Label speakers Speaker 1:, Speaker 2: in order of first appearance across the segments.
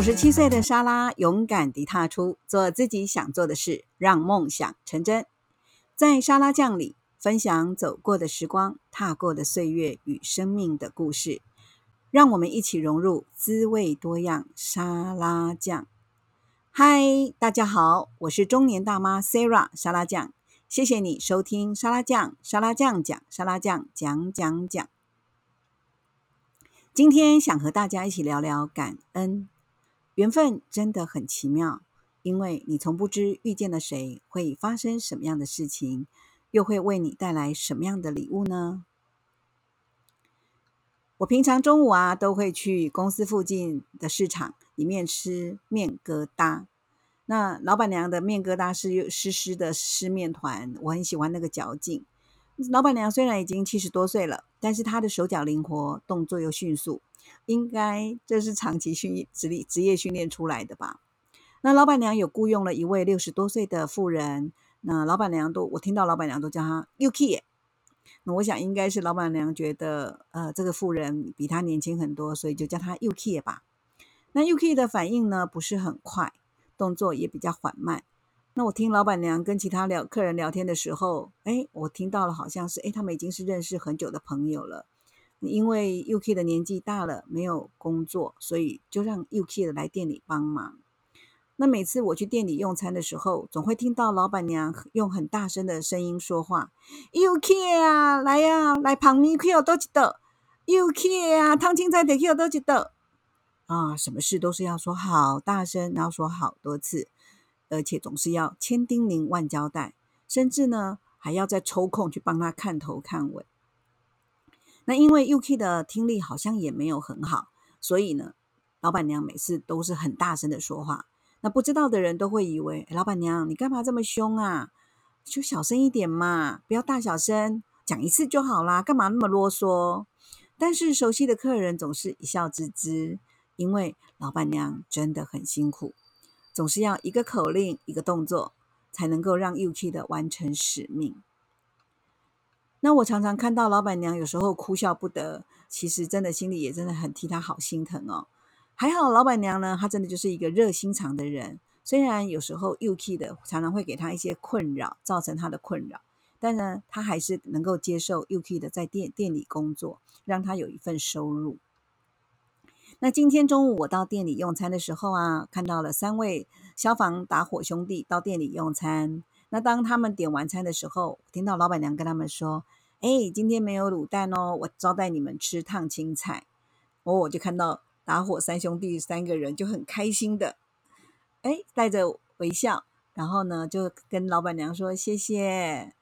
Speaker 1: 五十七歲的沙拉勇敢地踏出，做自己想做的事，讓夢想成真。在沙拉醬裡分享走過的時光、踏過的歲月與生命的故事，讓我們一起融入滋味多樣沙拉醬。嗨，大家好，我是中年大媽 Sara 沙拉醬。謝謝你收聽沙拉醬，沙拉醬講，沙拉醬講講講。今天想和大家一起聊聊感恩。緣分真的很奇妙，因為你從不知遇見了誰會發生什麼樣的事情，又會為你帶來什麼樣的禮物呢？我平常中午啊，都會去公司附近的市場裡面吃麵疙瘩。那老闆娘的麵疙瘩是濕濕的濕麵糰，我很喜歡那個嚼勁。老闆娘雖然已經七十多歲了，但是她的手腳靈活，動作又迅速，應該這是長期訓練、職業、職業訓練出來的吧？那老闆娘有僱傭了一位六十多歲的婦人，那老闆娘都，我聽到老闆娘都叫她 Yuki。那我想應該是老闆娘覺得呃這個婦人比她年輕很多，所以就叫她 Yuki 吧。那 Yuki 的反應呢，不是很快，動作也比較緩慢。那我聽老闆娘跟其他聊客人聊天的時候，哎，我聽到了，好像是哎，他們已經是認識很久的朋友了。因為 UK 的年紀大了，沒有工作，所以就讓 UK 的來店裡幫忙。那每次我去店裡用餐的時候，總會聽到老闆娘用很大聲的聲音說話：“UK 啊，來呀、啊，來旁邊去哦，多幾道。UK 啊，燙青菜的去哦，多幾道。啊，什麼事都是要說好大聲，然後說好多次。”而且總是要千叮嚀萬交代，甚至呢還要再抽空去幫他看頭看尾。那因為 UK 的聽力好像也沒有很好，所以呢，老板娘每次都是很大聲的說話。那不知道的人都會以為，哎，老板娘你幹嘛這麼兇啊？就小聲一點嘛，不要大小聲，講一次就好啦。幹嘛那麼囉嗦？但是熟悉的客人總是一笑置之，因為老板娘真的很辛苦。總是要一個口令，一個動作，才能夠讓 UK 的完成使命。那我常常看到老闆娘有時候哭笑不得，其實真的心裡也真的很替她好心疼哦。還好老闆娘呢，她真的就是一個熱心腸的人，雖然有時候 UK 的常常會給她一些困擾，造成她的困擾，但呢，她還是能夠接受 UK 的在店店裡工作，讓她有一份收入。那今天中午我到店裡用餐的時候啊，看到了三位消防打火兄弟到店裡用餐。那當他們點完餐的時候，聽到老板娘跟他們說：“哎，今天沒有滷蛋哦，我招待你們吃燙青菜。”哦，我我就看到打火三兄弟三個人就很開心的，哎，帶着微笑，然後呢就跟老板娘說：“謝謝。”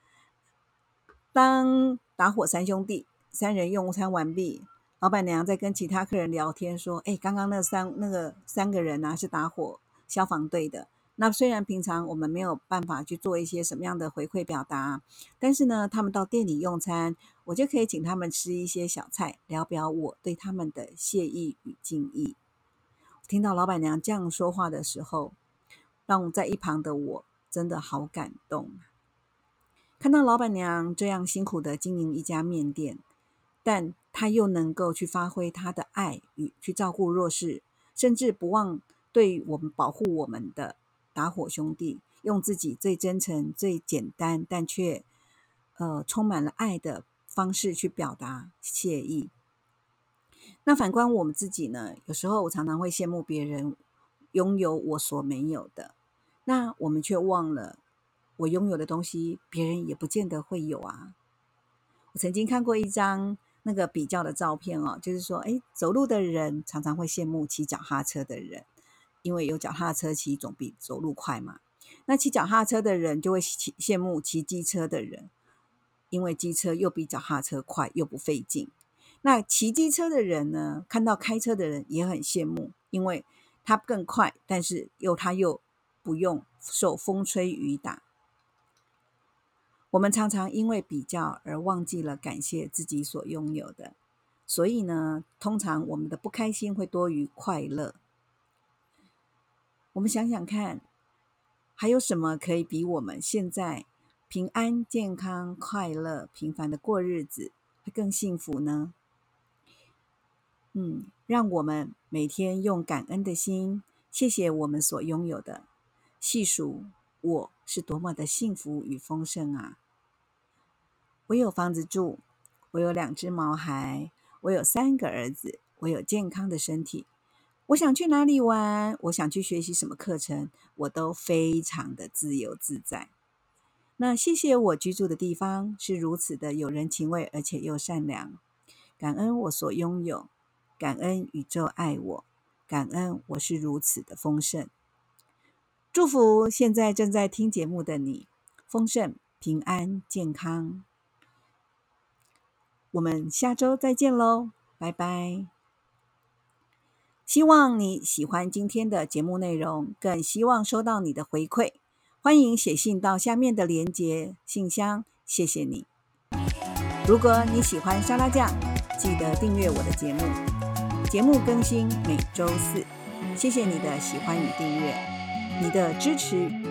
Speaker 1: 當打火三兄弟三人用餐完畢。老闆娘在跟其他客人聊天，說：“哎，剛剛那三那個三個人吶、啊，是打火消防隊的。那雖然平常我們沒有辦法去做一些什麼樣的回饋表達，但是呢，他們到店裡用餐，我就可以請他們吃一些小菜，聊表我對他們的謝意與敬意。”聽到老闆娘這樣說話的時候，讓我在一旁的我真的好感動。看到老闆娘這樣辛苦地經營一家麵店，但……他又能夠去發揮他的愛與去照顧弱勢，甚至不忘對我們保護我們的打火兄弟，用自己最真誠、最簡單但卻呃充滿了愛的方式去表達謝意。那反觀我們自己呢？有時候我常常會羨慕別人擁有我所沒有的，那我們卻忘了我擁有的東西，別人也不見得會有啊。我曾經看過一張。那個比較的照片哦，就是說，哎，走路的人常常會羨慕騎腳踏車的人，因為有腳踏車騎總比走路快嘛。那騎腳踏車的人就會羨羨慕騎機車的人，因為機車又比腳踏車快，又不費勁。那騎機車的人呢，看到開車的人也很羨慕，因為他更快，但是又他又不用受風吹雨打。我們常常因為比較而忘記了感謝自己所擁有的，所以呢，通常我們的不開心會多於快樂。我們想想看，還有什麼可以比我們現在平安、健康、快樂、平凡的過日子會更幸福呢？嗯，讓我們每天用感恩的心，謝謝我們所擁有的，細數。我是多麼的幸福與豐盛啊！我有房子住，我有兩隻毛孩，我有三個兒子，我有健康的身體。我想去哪裡玩，我想去學習什麼課程，我都非常的自由自在。那謝謝我居住的地方是如此的有人情味，而且又善良。感恩我所擁有，感恩宇宙愛我，感恩我是如此的豐盛。祝福現在正在聽節目的你，豐盛、平安、健康。我們下週再見嘍，拜拜！希望你喜歡今天的節目內容，更希望收到你的回饋。歡迎寫信到下面的連結信箱，謝謝你。如果你喜歡沙拉醬，記得訂閱我的節目。節目更新每週四。謝謝你的喜歡與訂閱。你的支持。